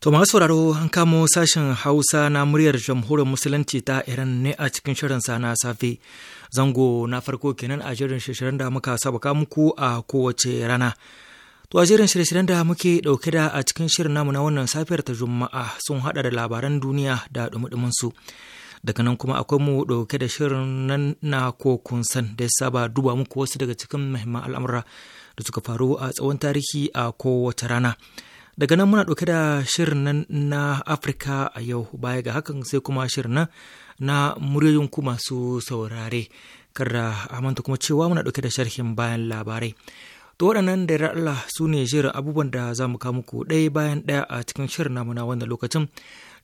To masu sauraro an kamo sashen Hausa na muryar jamhuriyar Musulunci ta Iran ne a cikin shirin sa na safe. Zango na farko kenan a shirin shirin da muka sabaka muku a kowace rana. To a jerin shirin da muke dauke da a cikin shirin namu na wannan safiyar ta Juma'a sun hada da labaran duniya da ɗumuɗumin su. Daga nan kuma akwai mu dauke da shirin nan na ko san da ya saba duba muku wasu daga cikin muhimman al'amura da suka faru a tsawon tarihi a kowace rana. daga nan muna ɗauke da shirin nan na afirka a yau baya ga hakan sai kuma shirin nan na muryoyin ku masu saurare kada a manta kuma cewa muna ɗauke da sharhin bayan labarai to waɗannan da Allah su ne shirin abubuwan da za mu kawo muku ɗaya bayan ɗaya a cikin shirin namu na wannan lokacin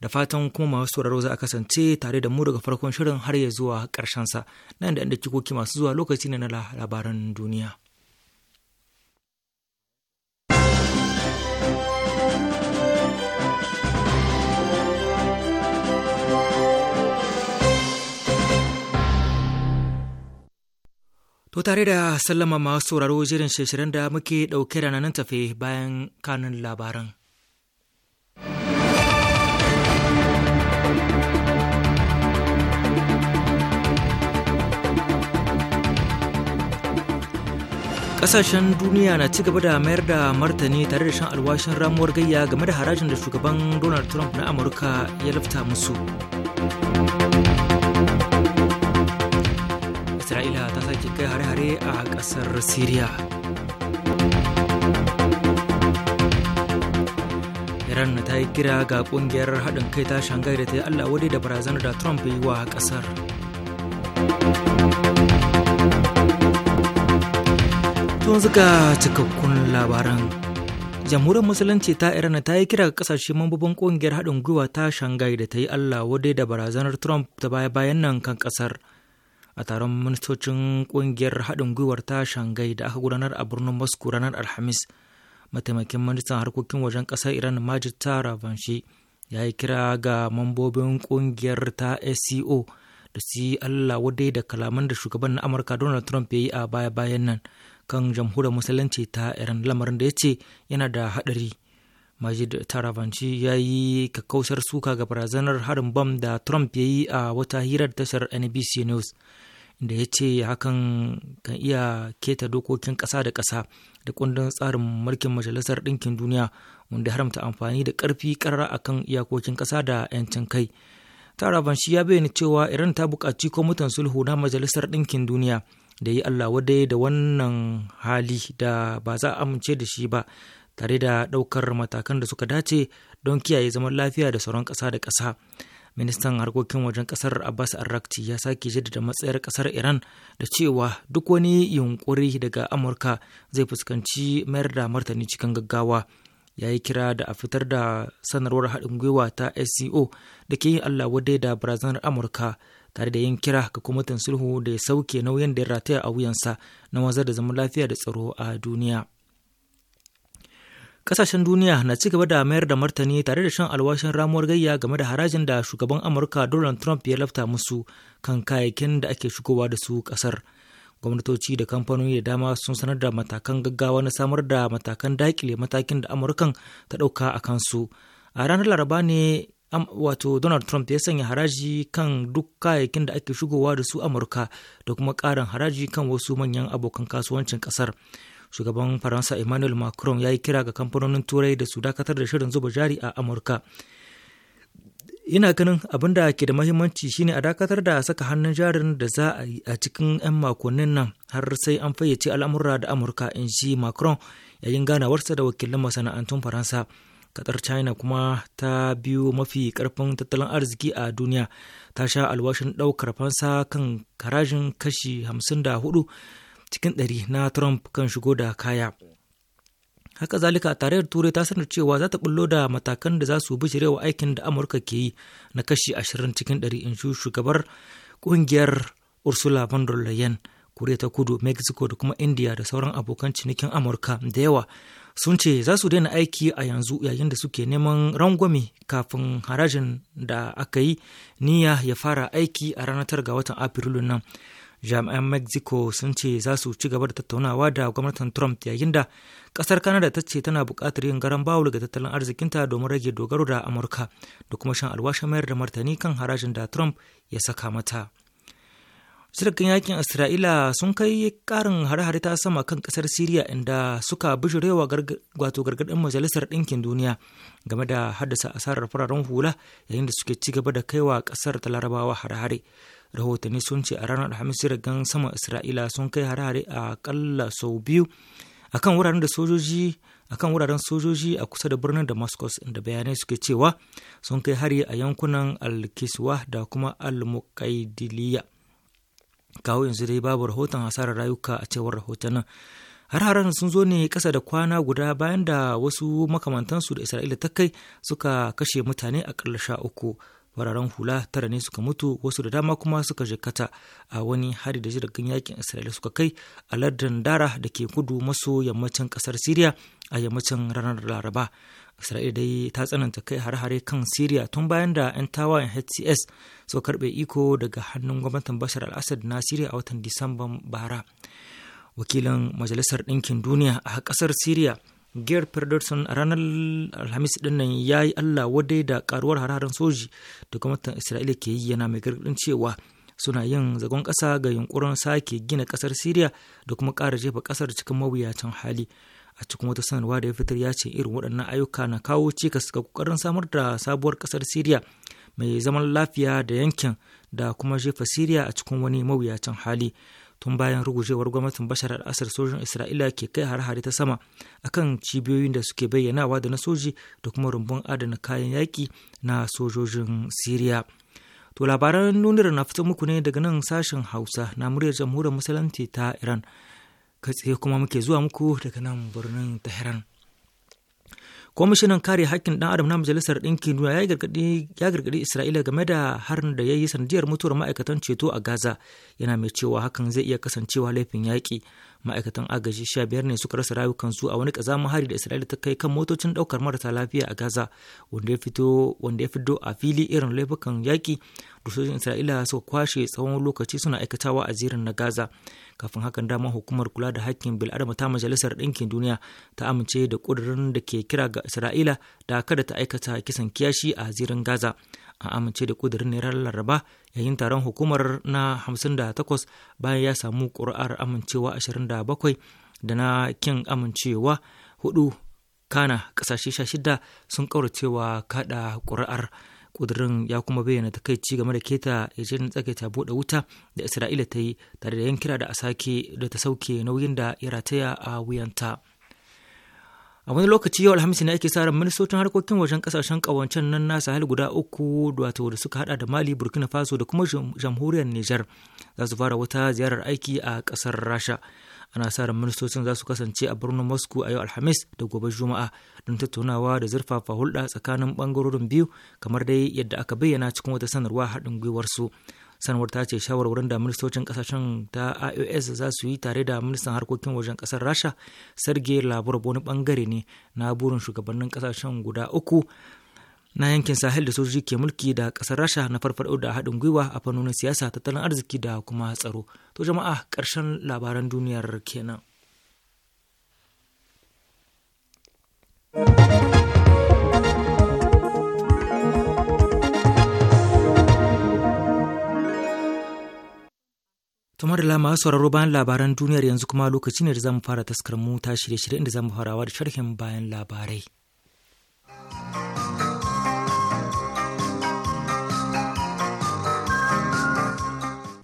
da fatan kuma masu sauraro za a kasance tare da mu daga farkon shirin har ya zuwa sa nan da inda kikoki masu zuwa lokaci ne na labaran duniya. To tare da sallama masu sauraro jirin shirin da muke ɗauke da nan tafe bayan kanun labaran. Ƙasashen duniya na ci gaba da mayar da martani tare da shan alwashin ramuwar gayya game da harajin da shugaban Donald Trump na Amurka ya lafta musu. Isra'ila kai hare-hare a ƙasar Siriya. Iran ta yi kira ga ƙungiyar haɗin kai ta Shanghai da ta yi Allah wadai da barazanar da Trump yi wa kasar Tun zuga cikakkun labaran jamhuriyar musulunci ta iran ta yi kira ga kasashe mambobin kungiyar haɗin gwiwa ta shanghai da ta yi allah wadai da barazanar trump ta baya bayan nan kan kasar a taron ministocin kungiyar haɗin gwiwar ta shangai da aka gudanar a birnin moscow ranar alhamis mataimakin ministan harkokin wajen ƙasar iran majid tara banshi ya yi kira ga mambobin kungiyar ta sco da su yi allah wadai da kalaman da shugaban na amurka donald trump ya yi a baya-bayan nan kan jamhuriyar musulunci ta iran lamarin da ya ce yana da haɗari majid tarabanci ya yi kakkausar suka ga barazanar harin bam da trump ya yi a wata hirar tashar nbc news da ya ce hakan kan iya keta dokokin ƙasa da ƙasa da kundin tsarin mulkin majalisar ɗinkin duniya wanda haramta amfani da ƙarfi ƙarra akan iyakokin ƙasa da 'yancin kai taraban shi ya bayyana cewa iran ta buƙaci kwamitin sulhu na majalisar ɗinkin duniya da yi allah wadai da wannan hali da ba za a amince da shi ba tare da ɗaukar matakan da suka dace don kiyaye zaman lafiya da sauran ƙasa da ƙasa ministan harkokin wajen kasar abbas arrakti ya sake jaddada matsayar kasar iran da cewa duk wani yunkuri daga amurka zai fuskanci mayar da martani cikin gaggawa ya yi kira da a fitar da sanarwar haɗin gwiwa ta sco da ke yin allah wadai da barazanar amurka tare da yin kira ga kwamitin sulhu da ya sauke nauyin da ya rataya a wuyansa na wanzar da zaman lafiya da tsaro a duniya Ƙasashen duniya na ci gaba da mayar da martani tare da shan alwashin ramuwar gayya game da harajin da shugaban Amurka Donald Trump ya lafta musu kan kayayyakin da ake shigowa da su ƙasar. Gwamnatoci da kamfanoni da dama sun sanar da matakan gaggawa na samar da matakan dakile matakin da Amurkan ta ɗauka a kansu. A ranar Laraba ne wato Donald Trump ya sanya haraji kan duk kayayyakin da ake shigowa da su Amurka da kuma ƙarin haraji kan wasu manyan abokan kasuwancin ƙasar. shugaban faransa emmanuel macron ya yi kira ga kamfanonin turai da su dakatar da shirin zuba jari a amurka ina ganin abin da ke da mahimmanci shine a dakatar da saka hannun jarin da za a yi a cikin 'yan makonnin nan har sai an fayyace al'amura da amurka in ji macron yayin ganawarsa da wakilin masana'antun faransa Katar China kuma ta biyu mafi karfin tattalin arziki a duniya ta sha alwashin ɗaukar fansa kan karajin kashi 54 cikin ɗari na Trump kan shigo da kaya. Haka zalika tarayyar Turai ta sanar cewa za ta bullo da matakan da za su shirewa aikin da Amurka ke yi na kashi ashirin cikin ɗari in shugabar ƙungiyar Ursula von der Leyen. Koriya ta Kudu, Mexico da kuma India da sauran abokan cinikin Amurka da yawa sun ce za su daina aiki a yanzu yayin da suke neman rangwami kafin harajin da aka yi niyya ya fara aiki a ranar ga watan Afrilu nan. jami'an mexico sun ce za su ci gaba da tattaunawa da gwamnatin trump yayin da kasar canada ta ce tana buƙatar yin garan bawul ga tattalin arzikinta domin rage dogaro da amurka da kuma shan alwashin mayar da martani kan harajin da trump ya saka mata shirkin yakin isra'ila sun kai ƙarin hare-hare ta sama kan ƙasar siriya inda suka bijirewa wato gargadin majalisar ɗinkin duniya game da haddasa asarar fararen hula yayin da suke ci gaba da kaiwa ƙasar ta larabawa hare-hare rahotanni sun ce a ranar alhamis ragan sama isra'ila sun kai hare-hare a kalla sau biyu akan wuraren da sojoji akan wuraren sojoji a kusa da birnin damascus inda bayanai suke cewa sun kai hari a yankunan alkiswa da kuma almukaidiliya kawo yanzu dai babu rahoton hasarar rayuka a cewar rahotannin har-haren sun zo ne kasa da kwana guda bayan da wasu makamantansu da isra'ila ta kai suka kashe mutane a sha uku wararen hula tara ne suka mutu wasu da dama kuma suka jikata a wani hari da jiragen yakin isra'ila suka kai a lardin dara da ke kudu maso yammacin kasar siriya a yammacin ranar laraba isra'ila dai ta tsananta kai har-hare kan siriya tun bayan da 'yan tawayen hts suka karbe iko daga hannun gwamnatin bashar al-assad na syria a watan disamban bara wakilin majalisar ɗinkin duniya a ƙasar siriya gear Ferdinand ranar Alhamis dinnan ya yi Allah wadai da karuwar hararen soji da gwamnatin Isra'ila ke yi yana mai gargaɗin cewa suna yin zagon ƙasa ga yunkurin sake gina ƙasar Siriya da kuma ƙara jefa ƙasar cikin mawuyacin hali. a cikin wata sanarwa da ya fitar ya ce irin waɗannan ayyuka na kawo cikas ga ƙoƙarin samar da sabuwar ƙasar siriya mai zaman lafiya da yankin da kuma jefa siriya a cikin wani mawuyacin hali tun bayan rugujewar gwamnatin bashar al-assad sojin isra'ila ke kai har-hare ta sama akan cibiyoyin da suke bayyanawa da na soji da kuma rumbun adana kayan yaƙi na sojojin syria to labaran nunar na fito muku ne daga nan sashen hausa na muryar jamhuriyar musulunci ta iran ka katse kuma muke zuwa muku daga nan birnin tehran kwamishinan kare hakkin ɗan adam na majalisar ɗinkin duniya ya gargaɗi isra'ila game da harin da ya yi sanadiyar mutuwar ma'aikatan ceto a gaza yana mai cewa hakan zai iya kasancewa laifin yaƙi ma'aikatan agaji sha biyar ne suka rasa rayukansu a wani kazamin hari da isra'ila ta kai kan motocin daukar marasa lafiya a gaza wanda ya fito wanda a fili irin laifukan yaƙi da sojin isra'ila suka kwashe tsawon lokaci suna aikatawa a zirin na gaza kafin hakan dama hukumar kula da hakkin bil'adama ta majalisar ɗinkin duniya ta amince da ƙudurin da ke kira ga isra'ila da kada ta aikata kisan kiyashi a zirin gaza a amince da kudirin naira laraba yayin taron hukumar na 58 bayan ya samu ƙuri'ar amincewa 27 da na kin amincewa hudu kana ƙasashe 16 sun ƙauracewa kada ƙuri'ar kudirin ya kuma bayyana takaici game da keta yarjejeniyar tsakaita buɗe wuta da isra'ila ta yi tare da yankira da a sake da ta sauke nauyin da ya rataya a wuyanta. a wani lokaci yau alhamis ne ake tsara harkokin wajen kasashen kawancen nan na sahel guda uku wato da suka hada da mali burkina faso da kuma jamhuriyar nijar za su fara wata ziyarar aiki a kasar rasha ana sa ran ministocin za su kasance a birnin moscow a yau alhamis da gobe juma'a don tattaunawa da zurfafa hulɗa tsakanin bangarorin biyu kamar dai yadda aka bayyana cikin wata sanarwa haɗin gwiwarsu. su sanarwar ta ce shawarwarin da ministocin kasashen ta ios za su yi tare da ministan harkokin wajen kasar rasha sergei lavrov wani bangare ne na burin shugabannin kasashen guda uku na yankin sahel da sojoji ke mulki da kasar rasha na farfaɗo da haɗin gwiwa a fannonin siyasa tattalin arziki da kuma tsaro to jama'a ƙarshen labaran duniyar kenan. Tumar da lama sauraro bayan labaran duniyar yanzu kuma lokaci ne da zamu fara taskar mu ta shirye-shirye inda zamu farawa da sharhin bayan labarai.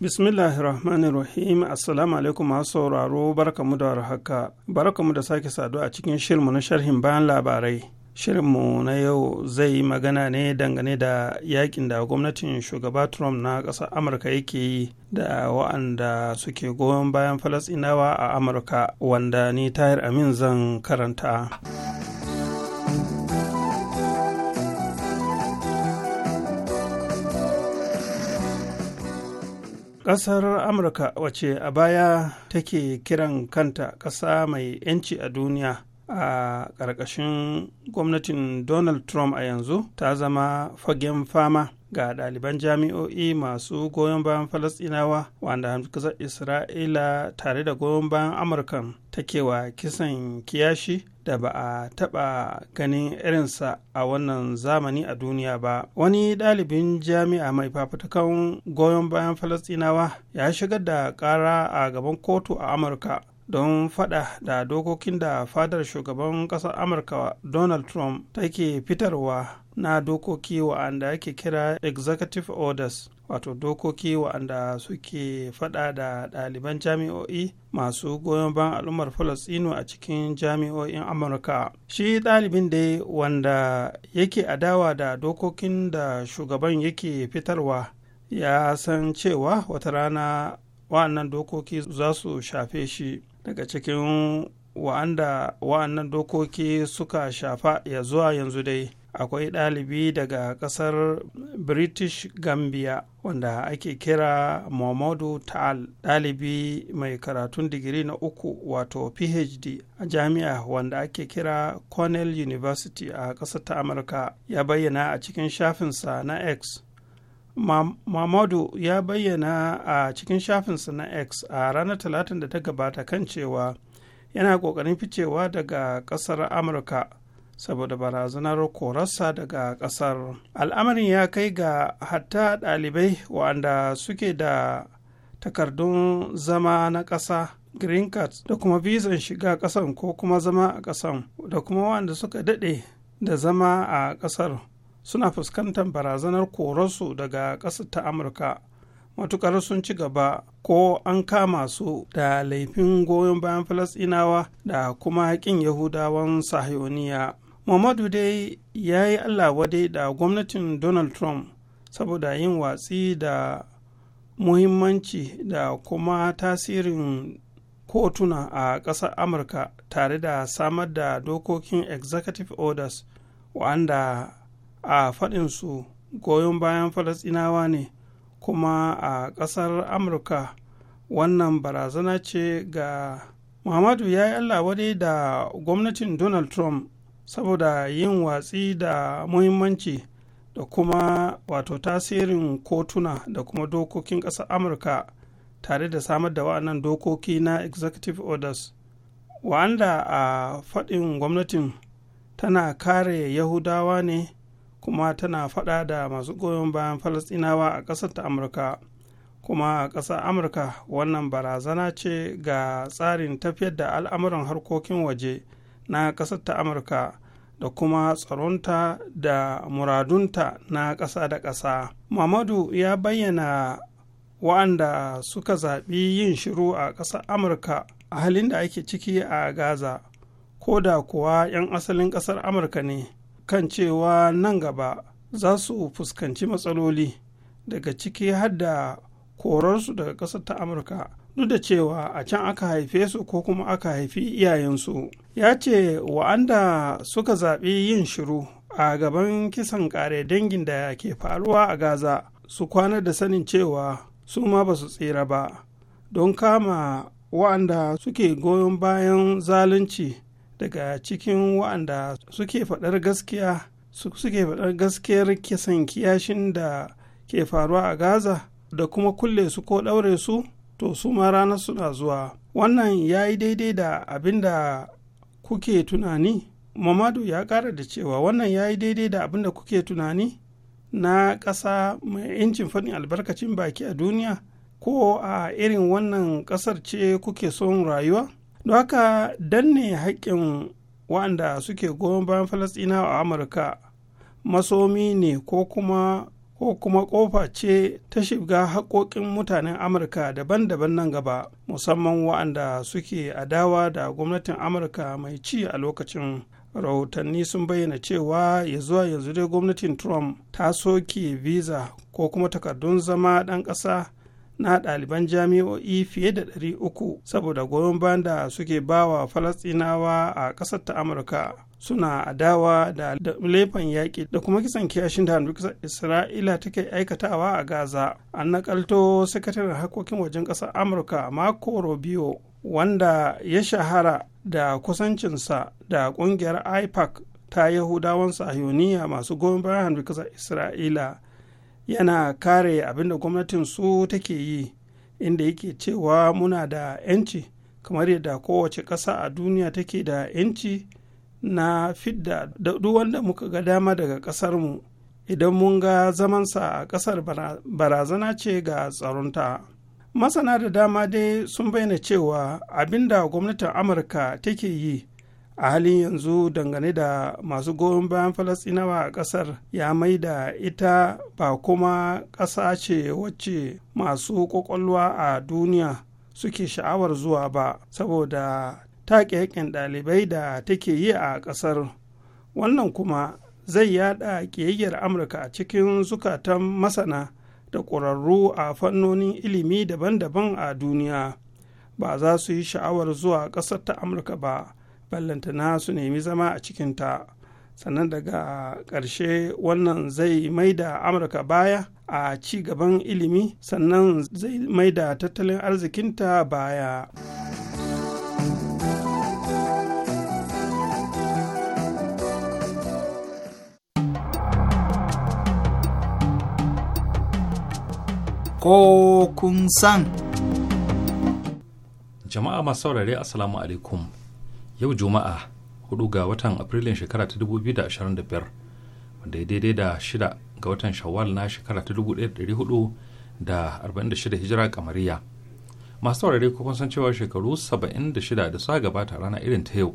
Bismillahirrahmanirrahim Assalamu alaikum masu sauraro barkamu da warhaka barkamu da sake saduwa a cikin shirmu na sharhin bayan labarai Shirinmu na yau zai yi magana ne dangane da yakin da gwamnatin shugaba Trump na ƙasar Amurka yake yi da wa'anda suke goyon bayan Falasinawa a Amurka wanda ni Tahir Amin zan karanta. Ƙasar Amurka wace a baya take kiran kanta ƙasa mai 'yanci a duniya a ƙarƙashin gwamnatin donald trump a yanzu ta zama fagen fama ga ɗaliban jami'o'i masu goyon bayan falasɗinawa wanda Hamza isra'ila tare da goyon bayan amurkan takewa kisan kiyashi da ba a taɓa ganin irinsa a wannan zamani a duniya ba wani ɗalibin jami'a mai fafutukan goyon bayan falasɗinawa ya shigar da ƙara a gaban kotu a amurka don fada da dokokin da fadar shugaban ƙasar amurka donald trump take fitarwa na dokoki wa'anda ake kira executive orders wato dokoki wa'anda suke fada da ɗaliban jami'o'i masu goyon ban al'ummar falastinu a cikin jami'o'in amurka shi ɗalibin dai wanda yake adawa da dokokin da shugaban yake fitarwa ya san cewa wata rana wa'annan dokoki za su shafe shi daga cikin wa'anda wa'annan dokoki suka shafa ya zuwa yanzu dai akwai ɗalibi daga ƙasar british gambia wanda ake kira Muhammadu ta'al ɗalibi mai karatun digiri na uku wato phd a jami'a wanda ake kira cornell university a ƙasar ta amurka ya bayyana a cikin shafinsa na x mamadu ya bayyana a cikin shafinsa na x a ranar talatin da ta gabata kan cewa yana ƙoƙarin ficewa daga ƙasar amurka saboda barazanar korarsa daga ƙasar al'amarin ya kai ga hatta ɗalibai waɗanda suke da takardun zama na ƙasa green card da kuma bizan shiga ƙasan ko kuma zama a ƙasan da kuma waɗanda suka daɗe da zama a ƙasar suna fuskantar barazanar korarsu daga ƙasar ta amurka matukar sun ci gaba ko an kama su da laifin goyon bayan falasɗinawa da kuma ƙin yahudawan sahiyoniya muhammadu dai ya yi allah wadai da gwamnatin donald trump saboda yin watsi da muhimmanci da kuma tasirin kotuna a ƙasar amurka tare da samar da dokokin executive orders wa'anda a faɗinsu goyon bayan falasɗinawa ne kuma a ƙasar amurka wannan barazana ce ga muhammadu ya yi allah wadai da gwamnatin donald trump saboda yin watsi da muhimmanci da kuma wato tasirin kotuna da kuma dokokin ƙasar amurka tare da samar da wa'annan dokoki na executive orders wanda a faɗin gwamnatin tana kare yahudawa ne kuma tana faɗa da masu goyon bayan falasɗinawa a ƙasar ta amurka kuma a ƙasar amurka wannan barazana ce ga tsarin tafiyar da al'amuran harkokin waje na ƙasar ta amurka da kuma tsaronta da muradunta na ƙasa da ƙasa mamadu ya bayyana wa'anda suka zaɓi yin shiru a ƙasar amurka a halin da ake ciki a gaza ko da kuwa 'yan asalin ƙasar amurka ne kan cewa nan gaba za su fuskanci matsaloli daga ciki hadda korarsu daga ƙasar ta amurka duk da cewa a can aka haife su ko kuma aka haifi iyayensu ya ce wa'anda suka zaɓi yin shiru a gaban kisan ƙare dangin da ke faruwa a gaza su kwana da sanin cewa su ma ba su tsira ba don kama wa'anda suke goyon bayan zalunci daga cikin wa'anda suke faɗar gaskiya suke faɗar gaskiyar kisan kiyashin da ke faruwa a gaza da kuma kulle su ko ɗaure su to su ma ranar suna zuwa wannan ya yi daidai da abin da kuke tunani mamadu ya ƙara da cewa wannan ya yi daidai da abin da kuke tunani na ƙasa mai 'yancin faɗin albarkacin baki a duniya ko a irin wannan ƙasar ce kuke son rayuwa don haka danne haƙƙin waɗanda suke goyon bayan falasɗina a amurka masomi ne ko kuma ko kuma ƙofa ce ta shiga haƙoƙin mutanen amurka daban-daban nan gaba musamman wa'anda suke adawa da gwamnatin amurka mai ci a lokacin rahotanni sun bayyana cewa ya zuwa yanzu dai gwamnatin trump ta soke visa ko kuma takardun zama ɗan ƙasa na ɗaliban jami'o'i fiye da 300 saboda goyon bayan da suke bawa falastinawa a ƙasar ta amurka suna adawa da laifin yaƙi da kuma kisan kiyashin da hannun isra'ila take aikatawa a gaza an naƙalto sakataren harkokin wajen ƙasar amurka mako robio,. wanda ya shahara da kusancinsa da ƙungiyar ipac ta yahudawan sahiyoniya masu goyon bayan hannun isra'ila yana kare abinda gwamnatin su take yi inda yake cewa muna da 'yanci kamar yadda kowace ƙasa a duniya take da 'yanci na fidda da wanda muka ga dama daga ƙasarmu idan mun ga zamansa a ƙasar barazana ce ga tsaronta masana da dama dai sun bayyana cewa abinda gwamnatin amurka take yi a halin yanzu dangane da masu goyon bayan falasinawa a kasar ya maida ita ba kuma ƙasa ce wacce masu ƙwaƙwalwa a duniya suke sha'awar zuwa ba saboda ta haƙƙin ɗalibai da take yi a ƙasar wannan kuma zai yada ƙiyayyar amurka a cikin zukatan masana da ƙwararru a fannonin ilimi daban-daban a duniya ba za su yi sha'awar zuwa ƙasar ta amurka ba ballantana su nemi zama a cikinta sannan daga ƙarshe wannan zai maida amurka baya a ci gaban ilimi sannan zai maida tattalin arzikinta baya. ko kun san. Jama'a masu saurare Assalamu alaikum. yau juma'a 4 ga watan afrilun shekara ta 2025 wanda ya daidai da 6 ga watan shawwal na shekara ta 1446 hijira kamariya masu saurare ko san cewa shekaru 76 da sa gabata rana irin ta yau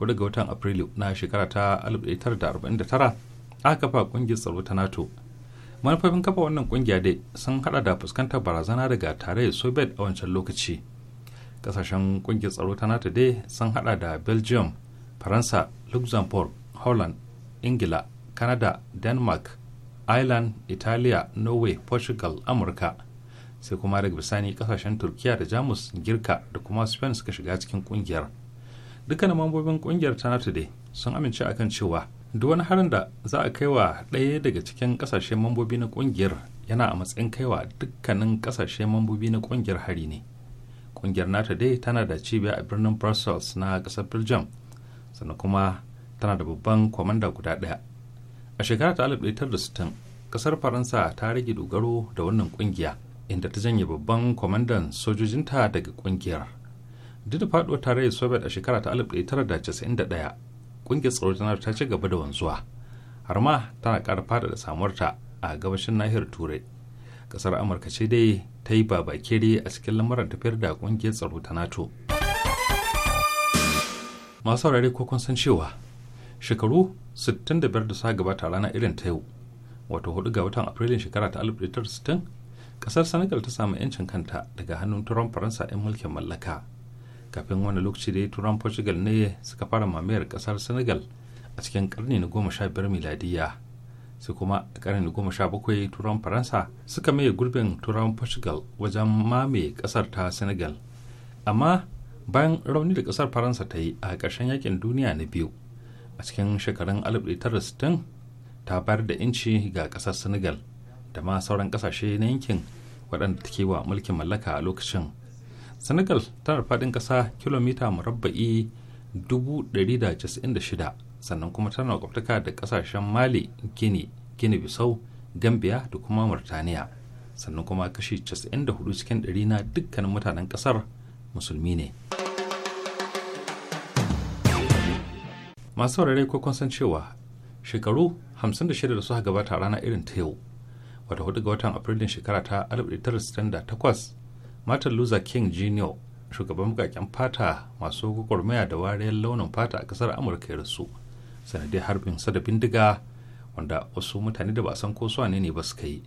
4 ga watan afrilu na shekara ta 1949 aka kafa kungiyar tsaro ta nato manufofin kafa wannan kungiya dai sun hada da fuskantar barazana daga tarayyar soviet a wancan lokaci kasashen kungiyar tsaro ta nata dai sun hada da belgium faransa luxembourg holland ingila canada denmark ireland italiya norway portugal amurka sai kuma daga bisani kasashen turkiya da jamus girka da kuma spain suka shiga cikin kungiyar dukkanin mambobin kungiyar ta nato dai sun amince akan cewa duk wani harin da za a kai wa ɗaya daga cikin kasashen mambobi na kungiyar yana a matsayin kaiwa dukkanin kasashen mambobi na kungiyar hari ne kungiyar nata dai tana da cibiya a birnin brussels na kasar belgium sannan kuma tana da babban kwamanda guda ɗaya a shekara ta 1960 kasar faransa ta rage dogaro da wannan kungiya inda ta janye babban kwamandan sojojinta daga kungiyar duk da faɗuwar tarayyar soviet a shekara ta 1991 kungiyar tsaro tana ta ci gaba da wanzuwa har ma tana fada faɗaɗa samuwarta a gabashin nahiyar turai kasar amurka ce dai ta yi babakere a cikin lamarin tafiyar da kungiyar tsaro ta nato masu saurari ko kun san cewa shekaru 65 da suka gabata rana irin ta yau wato 4 ga watan afrilun shekara ta 1960 kasar senegal ta samu 'yancin kanta daga hannun turan faransa 'yan mulkin mallaka kafin wani lokaci da ya turan portugal ne suka fara mamayar kasar senegal a cikin karni na 15 miladiyya sai kuma a karni goma sha bakwai turan faransa suka maye gurbin turan portugal wajen mamaye kasar ta senegal amma bayan rauni da kasar faransa ta yi a ƙarshen yakin duniya na biyu a cikin shekarun 1960 ta bayar da inci ga kasar senegal da ma sauran kasashe na yankin waɗanda ke wa mulkin mallaka a lokacin senegal tana faɗin ƙasa kilomita murabba'i shida. sannan kuma tana makwabtaka da kasashen mali gini gini bisau gambia da kuma murtaniya sannan kuma kashi 94 cikin dari na dukkanin mutanen kasar musulmi ne masu saurare ko kun san cewa shekaru 56 da suka gabata rana irin ta yau wata hudu ga watan afrilun shekara ta 1968 martin luther king jr shugaban bukakken fata masu gwagwarmaya da wariyar launin fata a kasar amurka ya rasu sanadiyar harbin sa da bindiga wanda wasu mutane da ba san ko suwane ne ba suka yi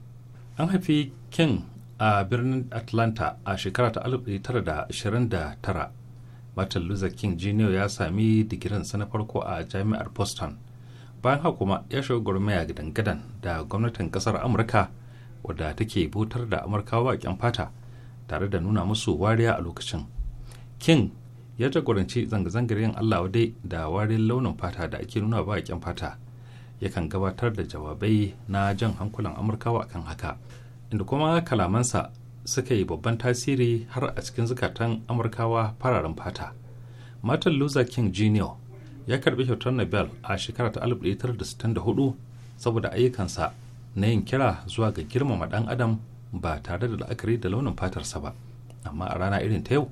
an haifi king a birnin atlanta a shekara ta 1929 martin luther king jr ya sami digirinsa na farko a jami'ar boston bayan haka kuma ya shiga gwarmaya gidan gadan da gwamnatin kasar amurka wadda take butar da amurkawa baƙin fata tare da nuna musu wariya a lokacin king ya jagoranci zanga-zangar yin allah dai da warin launin fata da ake nuna ba a fata yakan gabatar da jawabai na jan hankulan amurkawa kan haka inda kuma kalamansa suka yi babban tasiri har a cikin zukatan amurkawa fararen fata martin luther king jr ya karbi kyautar nobel a shekara ta 1964 saboda ayyukansa na yin kira zuwa ga girmama dan adam ba tare da la'akari da launin fatarsa ba amma a rana irin ta yau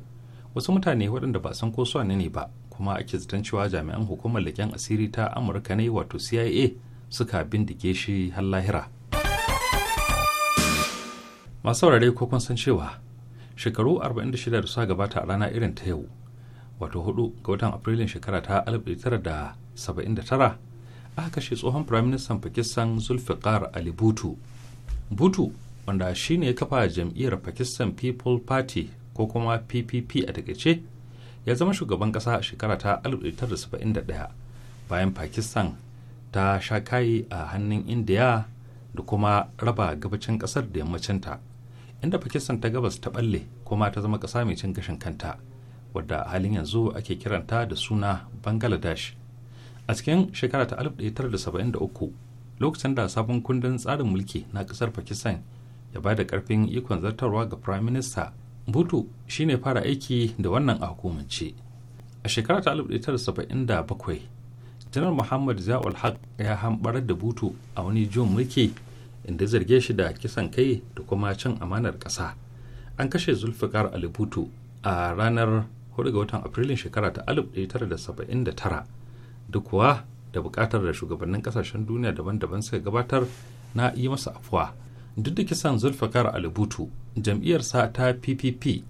wasu mutane waɗanda ba san ko su ne ba kuma ake zaton cewa jami'an hukumar leƙen asiri ta amurka ne wato cia suka bindige shi har lahira masu saurare ko kun san cewa shekaru 46 da suka gabata a rana irin ta yau wato 4 ga watan afrilun shekara ta 1979 aka kashe tsohon firaministan pakistan zulfikar ali butu butu wanda shine ya kafa jam'iyyar pakistan people party ko kuma ppp a takaice ya zama shugaban kasa a shekara ta 1971 bayan pakistan ta sha kayi a hannun indiya da kuma raba gabacin kasar da yammacinta inda pakistan ta gabas ta balle kuma ta zama kasa mai cin gashin kanta wadda a halin yanzu ake kiranta da suna bangladesh a cikin shekara ta 1973 lokacin da sabon kundin tsarin mulki na kasar pakistan ya ba da karfin ikon zartarwa ga prime minister butu shine fara aiki da wannan a hukumance a shekara ta 1977 janar muhammad za'ul haq ya hambar da butu a wani jin mulki inda zarge shi da kisan kai da kuma cin amanar ƙasa an kashe zulfikar ali butu a ranar 4 ga watan afrilun shekara ta 1979 duk kuwa da bukatar da shugabannin kasashen duniya daban-daban suka gabatar na yi masa afuwa duk da kisan zulfikar alibutu jam'iyyarsa ta ppp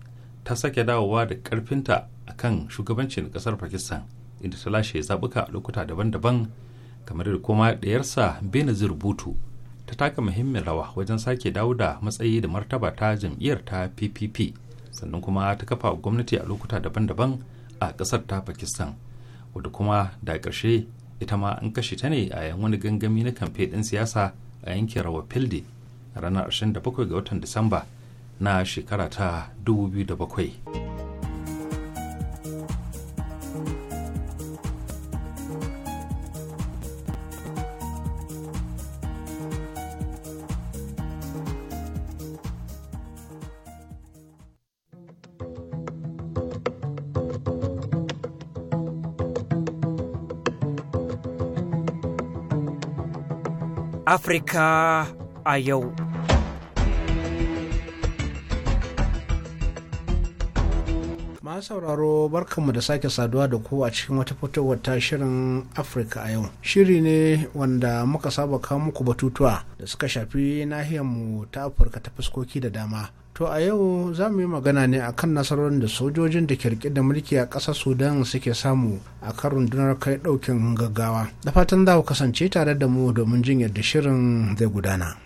ta sake dawowa da karfinta a kan shugabancin kasar pakistan inda ta lashe zabuka a lokuta daban-daban kamar da kuma ɗayarsa benazir butu ta taka muhimmin rawa wajen sake dawo da matsayi da martaba ta jam'iyyar ta ppp sannan kuma ta kafa gwamnati a lokuta daban-daban a ƙasar ta pakistan wadda kuma da ƙarshe ita ma an kashe ta ne a yan wani gangami na kamfe ɗin siyasa a yankin rawa rawapilde ranar 27 ga watan disamba na shekara ta 2007 Afirka a yau. masu sauraro barkanmu da sake saduwa da kowa a cikin wata fitowar ta shirin afirka a yau shiri ne wanda muka saba kawo muku batutuwa da suka shafi nahiyarmu ta afirka ta fuskoki da dama to a yau za mu yi magana ne akan nasarorin da sojojin da kirki da mulki a ƙasar sudan suke samu a kan rundunar kai ɗaukin gaggawa da fatan za ku kasance tare da mu domin jin yadda shirin zai gudana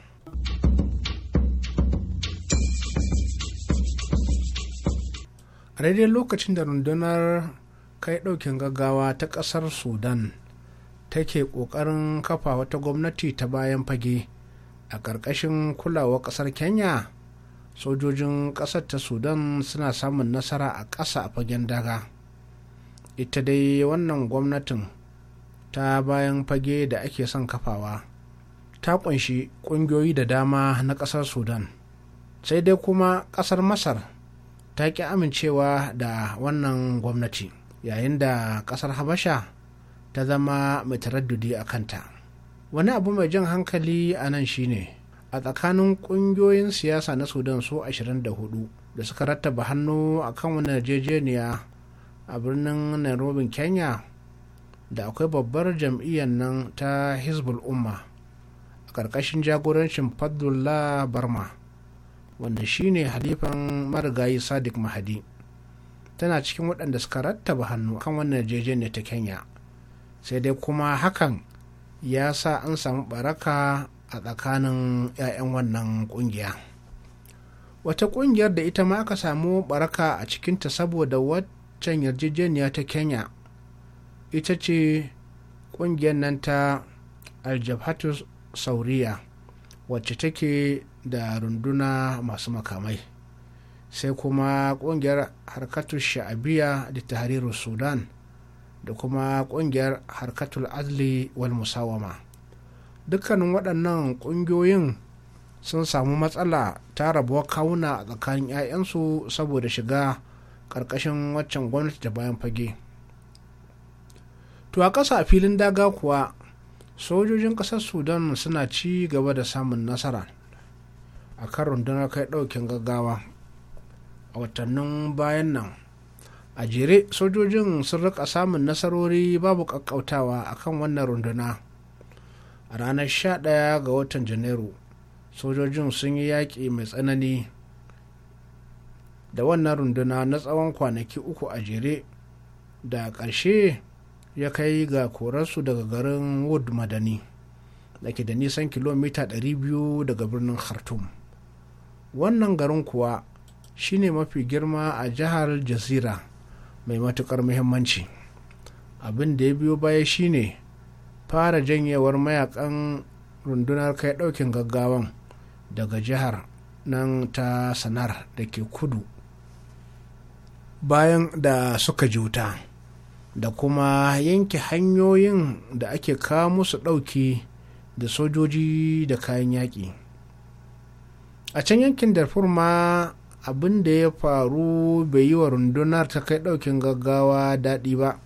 a daidai lokacin da rundunar kai ɗaukin gaggawa ta ƙasar sudan take ƙoƙarin kafa wata gwamnati ta bayan fage a ƙarƙashin kulawa ƙasar kenya sojojin ƙasar ta sudan suna samun nasara a ƙasa a fagen daga ita dai wannan gwamnatin ta bayan fage da ake son kafawa ta ƙunshi ƙungiyoyi da dama na ƙasar sudan sai dai kuma ƙasar masar ta ki amincewa da wannan gwamnati yayin da ƙasar habasha ta zama mai taraddudi a kanta wani abu mai jan hankali a nan shine a tsakanin ƙungiyoyin siyasa na sudan su 24 da suka rattaba hannu a kan wani yarjejeniya a birnin nairobi kenya da akwai babbar jam'iyyar nan ta hezbollah umma a ƙarƙashin jagorancin fadullah barma wanda shine halifan marigayi sadiq mahadi tana cikin waɗanda suka rattaba hannu kan wannan yarjejeniyar ta kenya sai dai kuma hakan ya sa an samu baraka a tsakanin 'ya'yan wannan ƙungiya wata ƙungiyar da ita ma aka samu baraka a cikinta saboda waccan yarjejeniya ta kenya ita ce ƙungiyar nan ta aljabhatu sauriya wacce take da runduna masu makamai sai kuma kungiyar harkatul sha'abiya da tahrirus sudan da kuma kungiyar harkatul adli wal musawama dukkanin waɗannan ƙungiyoyin sun samu matsala ta rabuwa kawuna a tsakanin 'ya'yansu saboda shiga ƙarƙashin waccan gwamnati da bayan fage to a ƙasa a filin daga kuwa sojojin ƙasar sudan suna ci gaba da samun nasara a kan rundunar kai ɗaukin gaggawa a watannin bayan nan a jere sojojin sun rika samun nasarori babu ƙaƙƙautawa a kan wannan runduna a ranar 11 ga watan janairu sojojin sun yi yaƙi mai tsanani da wannan runduna na tsawon kwanaki uku a jere da ƙarshe ya kai ga korarsu daga garin wood madani da ke da nisan kilomita 200 daga birnin khartoum wannan garin kuwa shine mafi girma a jihar jazira mai matukar muhimmanci abin da ya biyo baya shine fara janyewar mayakan rundunar kai daukin gaggawan daga jihar nan ta sanar da ke kudu bayan da suka juta da kuma yanke hanyoyin da ake kawo musu ɗauki da sojoji da kayan yaƙi. a can yankin darfur ma abin da ya faru bai yi wa rundunar ta kai daukin gaggawa daɗi ba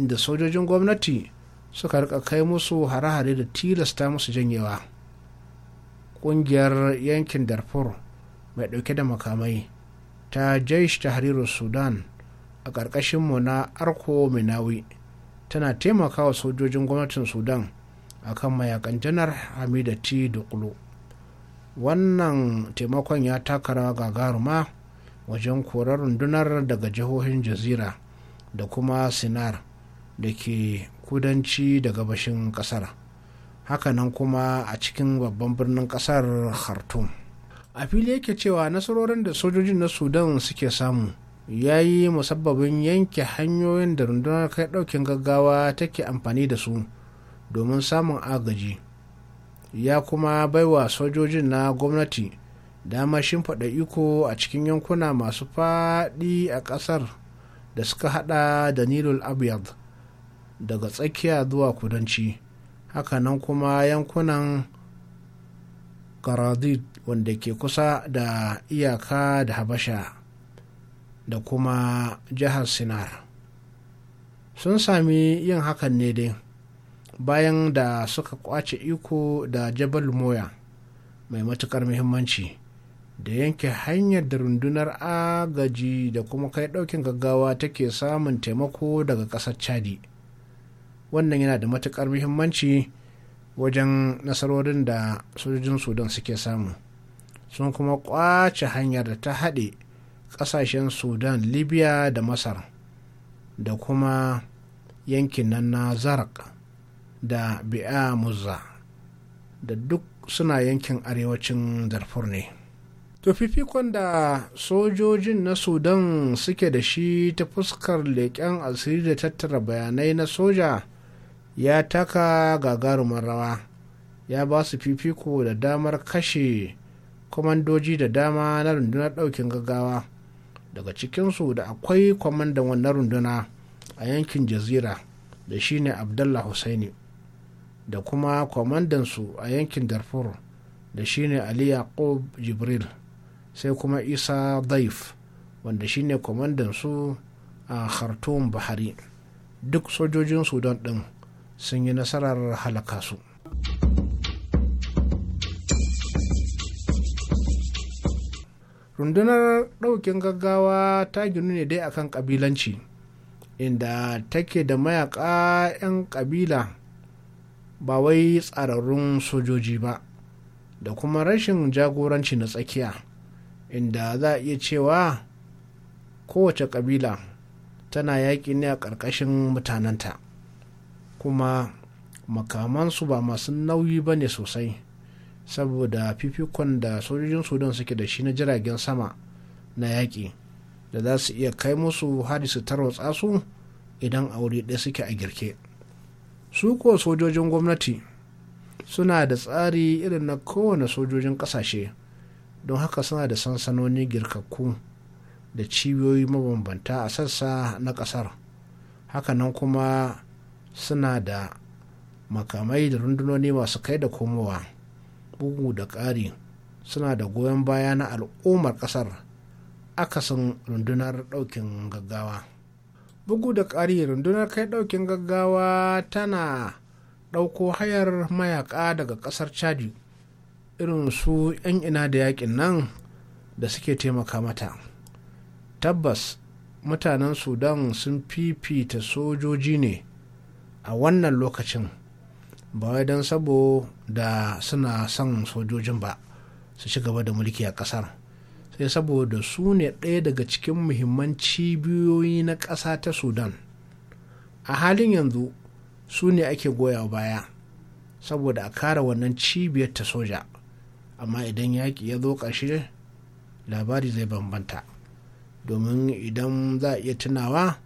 inda sojojin gwamnati suka rika kai musu hare-hare da tilasta musu janyewa ƙungiyar yankin darfur mai ɗauke da makamai ta jaish tahriru sudan a ƙarƙashin mu na arko minawi tana taimakawa sojojin gwamnatin sudan akan mayakan janar hamida t dukulu wannan taimakon ya taka rawa gagaruma wajen korar rundunar daga jihohin jazira da kuma sinar da ke kudanci da gabashin kasar hakanan kuma a cikin babban birnin kasar khartoum a fili yake cewa nasarorin da sojojin na sudan suke samu ya yi musabbabin yanke hanyoyin da rundunar kai daukin gaggawa take amfani da su domin samun agaji ya kuma baiwa sojojin na gwamnati dama shimfiɗa iko a cikin yankuna masu faɗi a ƙasar da suka haɗa da nilul abiyad daga tsakiya zuwa kudanci hakanan kuma yankunan karadid wanda ke kusa da iyaka da habasha da kuma jihar sinar sun sami yin hakan ne dai bayan da suka kwace iko da jabal moya mai matukar muhimmanci da yanke hanyar da rundunar agaji da kuma kai daukin gaggawa take samun taimako daga kasar chadi wannan yana da matukar muhimmanci wajen nasarorin da sojojin sudan suke samu sun kuma kwace hanyar da ta haɗe ƙasashen sudan libya da masar da kuma yankin na zarak da bi'a muzza da duk suna yankin arewacin darfur ne to fifikon da sojojin na sudan suke da shi ta fuskar leƙen asiri da tattara bayanai na soja ya taka gagarumar rawa ya ba su fifiko da damar kashe kwamandoji da dama na rundunar ɗaukin gaggawa daga cikinsu da akwai kwamandan wannan runduna a yankin jazira da shine abdullah husaini. da kuma kwamandansu a yankin darfur da shine ali yaqub jibril sai kuma isa daif wanda shine kwamandansu a khartoum bahari duk sojojin sudan din sun yi nasarar halaka su rundunar daukin gaggawa ta ginu ne dai akan ƙabilanci inda take da mayaka 'yan ƙabila ba wai tsararrun sojoji ba da kuma rashin jagoranci na tsakiya inda za a iya cewa kowace ƙabila tana yaƙi ne a ƙarƙashin mutanenta kuma makamansu ba masu nauyi ba ne sosai saboda fifikon da sojojin sudan suke da shi na jiragen sama na yaƙi da za su iya kai musu hari su tarwatsa su idan aure ɗaya suke a girke. su ko sojojin gwamnati suna da tsari irin na kowane sojojin ƙasashe don haka suna da sansanoni girkakku da cibiyoyi mabambanta a sassa na ƙasar hakanan kuma suna da makamai da rundunoni masu kai da komowa bugu da ƙari suna da goyon baya na al'ummar ƙasar akasin rundunar ɗaukin gaggawa. bugu da ƙari rundunar kai ɗaukin gaggawa tana ɗauko hayar mayaka daga ƙasar chadi irin su 'yan ina da yaƙin nan da suke taimaka mata tabbas mutanen sudan sun fifita sojoji ne a wannan lokacin ba wai don saboda suna son sojojin ba su ci gaba da mulki a ƙasar. sai saboda su ne ɗaya daga cikin muhimman cibiyoyi na ƙasa ta sudan a halin yanzu su ne ake goya baya saboda a kare wannan cibiyar ta soja amma idan yaƙi ya zo ƙarshe labari zai bambanta domin idan za a iya tunawa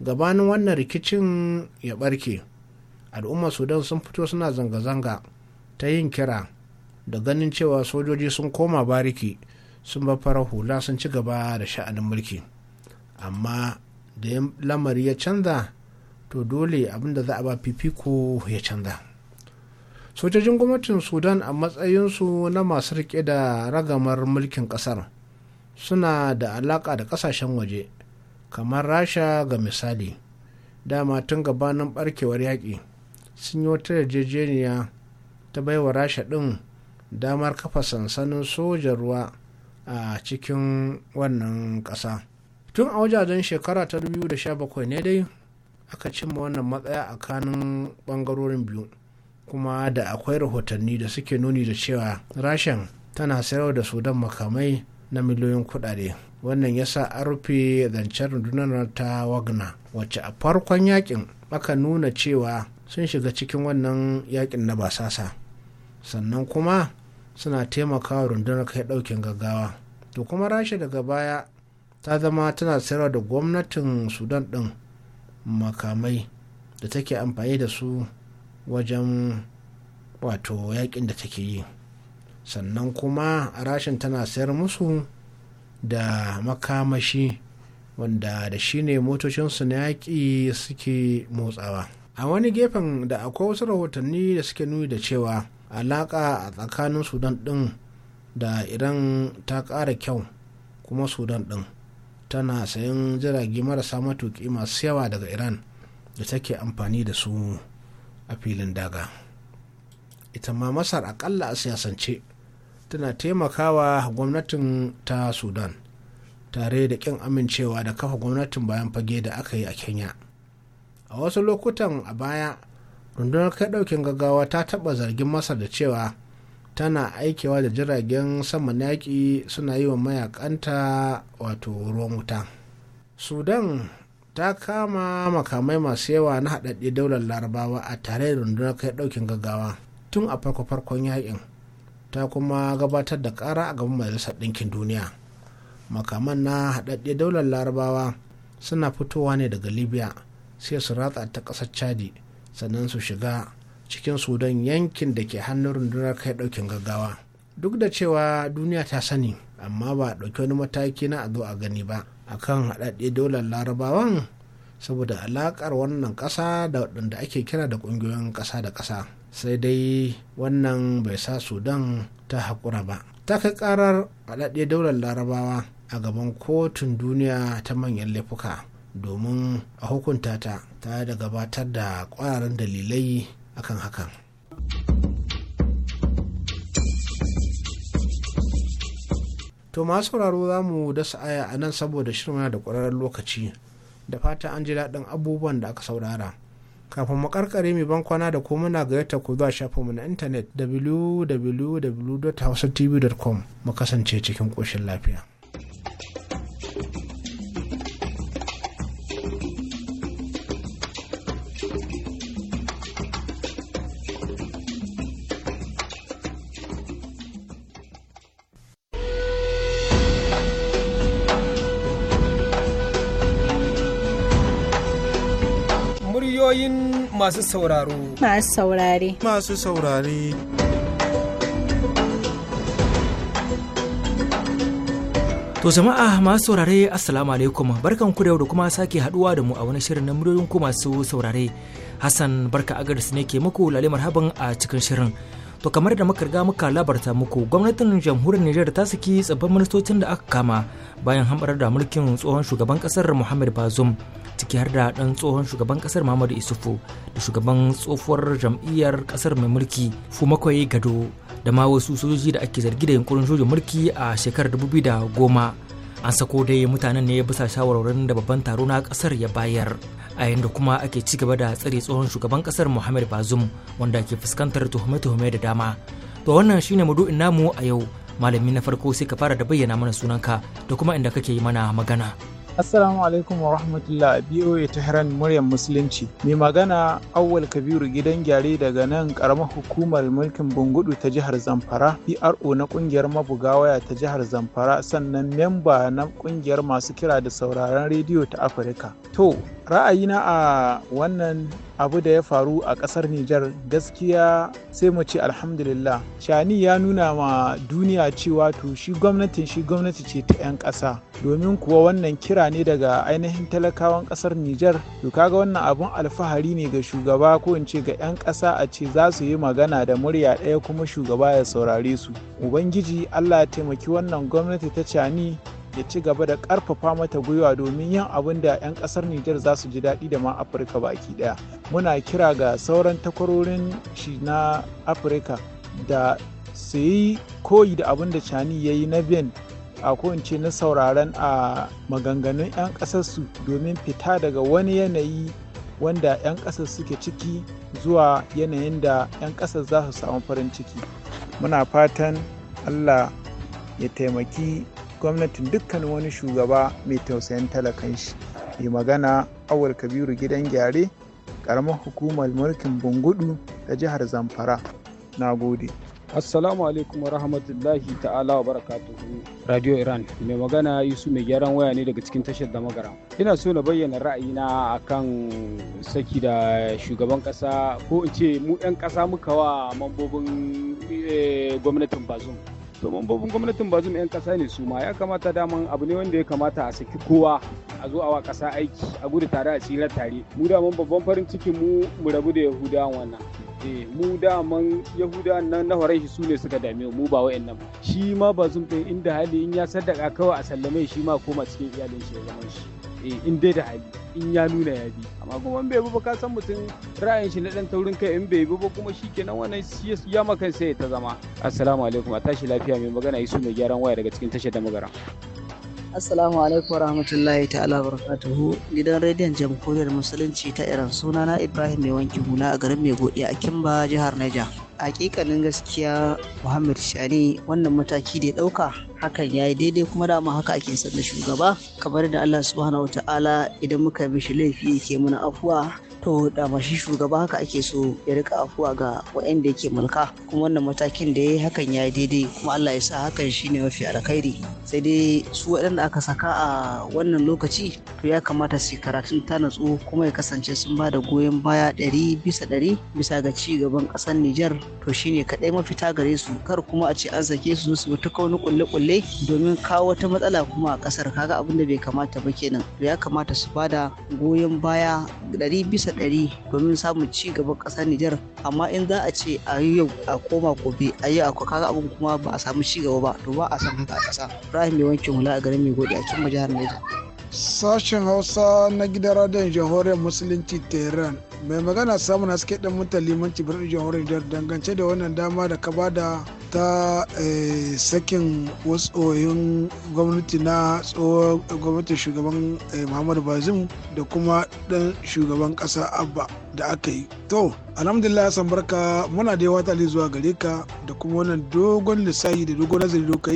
gabanin wannan rikicin ya ɓarke al'ummar sudan sun fito suna zanga-zanga ta yin kira da ganin cewa sojoji sun koma bariki sun ba fara hula sun ci gaba da sha'anin mulki amma da lamari ya canza to dole abinda za a ba fifiko ya canza sojojin gwamnatin sudan a matsayinsu na masu rike da ragamar mulkin kasar suna da alaka da kasashen waje kamar rasha ga misali dama tun gabanin barkewar yaƙi sun yi wata yarjejeniya ta baiwa rasha ɗin damar kafa sansanin sojan ruwa a cikin wannan ƙasa tun a wajajen shekara ta 2017 ne dai aka cimma wannan matsaya a kanin ɓangarorin biyu kuma da akwai rahotanni da suke nuni da cewa rashin tana sayar da sudan makamai na miliyoyin kudade wannan ya sa an rufe zancen rundunar ta wagna. wacce a farkon yakin aka nuna cewa sun shiga cikin wannan yakin na basasa sannan kuma suna taimakawa rundunar kai daukin gaggawa to kuma rasha daga baya ta zama tana sayarwa da gwamnatin sudan din makamai da take amfani da su wajen wato yakin da take yi sannan kuma rashin tana sayar musu da makamashi wanda da shi ne motocinsu na yaƙi suke motsawa a wani gefen da akwai wasu rahotanni da suke nuni da cewa alaƙa a tsakanin sudan ɗin da iran ta ƙara kyau kuma sudan ɗin tana sayan jirage marasa matuƙi masu yawa daga iran da take amfani da su a filin daga ita ma masar akalla a siyasance tana taimakawa gwamnatin ta sudan tare da ƙin amincewa da kafa gwamnatin bayan fage da aka yi a kenya a wasu lokutan a baya rundunar kai daukin gaggawa ta taba zargin masar da cewa tana aikewa da jiragen saman yaƙi suna yi wa mayakanta wato ruwan wuta sudan ta kama makamai masu yawa na haɗaɗɗe daular larabawa a tare da rundunar kai daukin gaggawa tun a farko-farkon yaƙin ta kuma gabatar da ƙara a gaban majalisar ɗinkin duniya makaman na haɗaɗɗe daular larabawa suna fitowa ne daga libya sai su ratsa ta ƙasar chadi sannan su shiga cikin sudan yankin da ke hannun rundunar kai ɗaukin gaggawa duk da cewa duniya ta sani amma ba a ɗauki wani mataki na a zo a gani ba A akan haɗaɗɗe dolar larabawan saboda alaƙar wannan ƙasa da waɗanda ake kira da ƙungiyoyin ƙasa da ƙasa sai dai wannan bai sa sudan ta haƙura ba ta kai ƙarar haɗaɗɗe daular larabawa a gaban kotun duniya ta manyan laifuka domin a hukunta ta ta da gabatar da kwararan dalilai akan hakan. To masu sauraro za mu dasa aya a nan saboda shirma da kwararren lokaci da fata an ji daɗin abubuwan da aka saurara. Kafin mu mai ban kwana da ko muna gayyata ku zuwa shafinmu na intanet www.hausatv.com mu kasance cikin ƙoshin lafiya. masu sauraro. Masu saurare. Masu saurare. To jama'a masu saurare assalamu alaikum barkan ku da yau da kuma sake haduwa da mu a wani shirin na muryoyin ku masu saurare. Hassan barka agadis ne ke muku lalle marhaban a cikin shirin. To kamar da muka riga muka labarta muku gwamnatin jamhuriyar Nijar ta saki tsabban ministocin da aka kama bayan hanbarar da mulkin tsohon shugaban kasar Muhammad Bazoum. ciki har da ɗan tsohon shugaban ƙasar Muhammadu Isufu da shugaban tsohuwar jam'iyyar ƙasar mai mulki Fumakwai Gado da ma wasu sojoji da ake zargi da yunkurin sojin mulki a shekarar goma an sako dai mutanen ne bisa shawarwarin da babban taro na ƙasar ya bayar a yanda kuma ake ci gaba da tsare tsohon shugaban ƙasar Muhammad Bazum wanda ke fuskantar tuhume-tuhume da dama to wannan shine maudu'in namu a yau malami na farko sai ka fara da bayyana mana sunanka da kuma inda kake yi mana magana. Assalamu alaikum wa rahmatullah BOA Tehran muryar Musulunci. Mai magana Awwal Kabiru gidan gyare daga nan karamar hukumar mulkin Bungudu ta jihar Zamfara, PRO na kungiyar mabugawaya ta jihar Zamfara sannan memba na kungiyar masu kira da sauraron rediyo ta Afirka. To, ra'ayina a wannan abu da ya faru a ƙasar Nijar gaskiya sai mu ce alhamdulillah. Shani ya nuna ma duniya cewa to shi gwamnatin shi gwamnati ce ta 'yan ƙasa. Domin kuwa wannan kira ne daga ainihin talakawan ƙasar Nijar. To kaga wannan abun alfahari ne ga shugaba ko in ce ga 'yan ƙasa a ce za su yi magana da murya ɗaya kuma shugaba ya saurare su. Ubangiji Allah ya taimaki wannan gwamnati ta Cani ya ci gaba da ƙarfafa mata gwiwa domin yin abin da 'yan kasar Nijar za su ji daɗi da ma Afirka baki ɗaya. Muna kira ga sauran takwarorin shi na Afirka da su yi koyi da abin da Cani ya yi na Ben a ko na sauraren a maganganun 'yan su domin fita daga wani yanayi wanda 'yan ƙasar suke ciki zuwa yanayin da 'yan ƙasar za su samu farin ciki muna fatan allah ya taimaki gwamnatin dukkan wani shugaba mai tausayin talakan shi mai magana awal kabiru gidan gyare karamar hukumar mulkin bungudu ta jihar zamfara na gode Assalamu alaikum wa rahmatullahi ta'ala wa barakatuhu Radio Iran mai magana Yusuf mai gyaran waya ne daga cikin tashar da magara. Ina so na bayyana ra'ayina akan saki da shugaban kasa ko in ce mu 'yan kasa muka wa mambobin eh, gwamnatin Bazum. to mambobin gwamnatin bazum 'yan kasa ne su ma ya kamata daman abu ne wanda ya kamata a saki kowa a zo awa kasa aiki a gudu tare a tsira tare mu daman babban farin ciki mu mu rabu da yahudawan wannan eh, mu daman yahuda nan na horai shi su ne suka dame mu ba wa'in nan shi ma ba inda hali in ya sadaka kawai a sallame shi ma koma cikin iyalin shi ya zama shi Eh, in dai da hali in ya nuna ya bi amma kuma in bai bi ba ka san mutum ra'ayin shi na dan taurin kai in bai bi ba kuma shi kenan wannan ya makan sai ta zama assalamu alaikum a tashi lafiya mai magana isu mai gyaran waya daga cikin tashar da magara Assalamu alaikum rahmatullahi ta'ala barakatuhu gidan rediyon jamhuriyar musulunci ta Iran sunana Ibrahim mai wanki hula a garin mai godiya a Kimba jihar Niger. hakikanin gaskiya muhammad shani wannan mataki da ya dauka hakan ya yi daidai kuma dama haka ake son da shugaba kamar da allah subhanahu wa ta'ala idan muka mishi laifi yake mana afuwa to ma shi shugaba haka ake so ya rika afuwa ga waɗanda ke mulka kuma wannan matakin da ya yi hakan ya daidai kuma Allah ya sa hakan ne mafi alkhairi sai dai su waɗanda aka saka a wannan lokaci to ya kamata su karatun ta natsu kuma ya kasance sun ba da goyon baya ɗari bisa ɗari bisa ga ci gaban ƙasar Nijar to shine kaɗai mafita gare su kar kuma a ce an sake su su ta kauni kulle-kulle domin kawo wata matsala kuma a ƙasar kaga abin da bai kamata ba kenan to ya kamata su ba da goyon baya ɗari bisa ɗari domin samun ci gaban ƙasar Nijar amma in za a ce a yi yau a koma gobe a yi akwai kaga abin kuma ba a samu ci gaba ba to ba a san ba a ƙasa Ibrahim mai wankin hula a garin mai Gode a cikin jihar Nijar. Sashen Hausa na gidan radiyon jamhuriyar Musulunci Tehran. Mai magana samun haske ɗan mutan limanci birnin jamhuriyar dangance da wannan dama da ka ba da ta eh, sakin wasu tsohon gwamnati na tsohon gwamnatin shugaban eh, Muhammadu bazim da kuma ɗan shugaban ƙasa Abba da aka yi. To, alhamdulillah san barka muna da yawa zuwa gare ka da kuma wannan dogon lissahi da dogon nazari da ka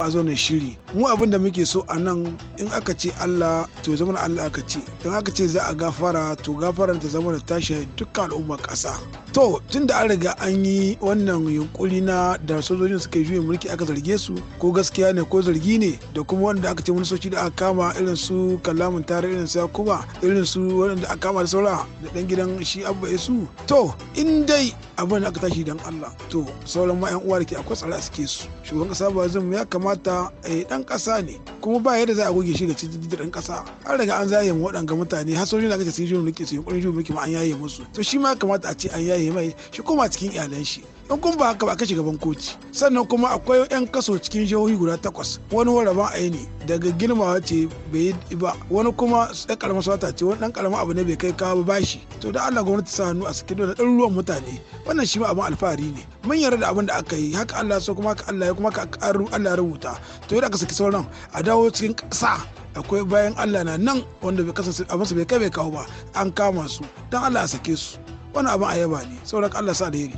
kwazo na shiri mu abin da muke so a nan in aka ce Allah to zama Allah aka ce in aka ce za a gafara to gafaran ta zama da tashi dukkan al'umma ƙasa to tun da an riga an yi wannan yunkuri na da sojojin suka yi juyin mulki aka zarge su ko gaskiya ne ko zargi ne da kuma wanda aka ce ministoci da aka kama irin su kallamin tare irin su yakuba irin su wanda aka kama da saura da dan gidan shi abba su to in dai abin da aka tashi dan Allah to sauran ma yan uwa da ke akwai tsara suke su shugaban kasa ba zan ya kamata kamata eh, ɗan ƙasa ne kuma ba yadda za a goge shi da cikin kasa an riga an zaye mu waɗanga mutane har sojojin da aka ce sun yi shirin mulki su yi ƙwarin shirin an yaye musu to shi ma kamata a ce an yaye mai shi kuma cikin iyalan shi in kun ba haka ba kashe gaban koci sannan kuma akwai 'yan kaso cikin jihohi guda takwas wani waraban aini daga girmawa ce bai yi ba wani kuma ɗan karamar sata ce wani ɗan karamar abu ne bai kai kawo ba shi to da Allah gwamnati sa hannu a sake da ɗan ruwan mutane wannan shi ma abin alfahari ne mun yarda da abin da aka yi haka Allah so kuma haka Allah ya kuma haka Allah ya rubuta to yadda aka saki sauran a dawo cikin ƙasa akwai bayan allah na nan wanda bai kasance abin su bai kai bai kawo ba an kama su don allah a sake su wani abin a yaba ne saboda allah sa alheri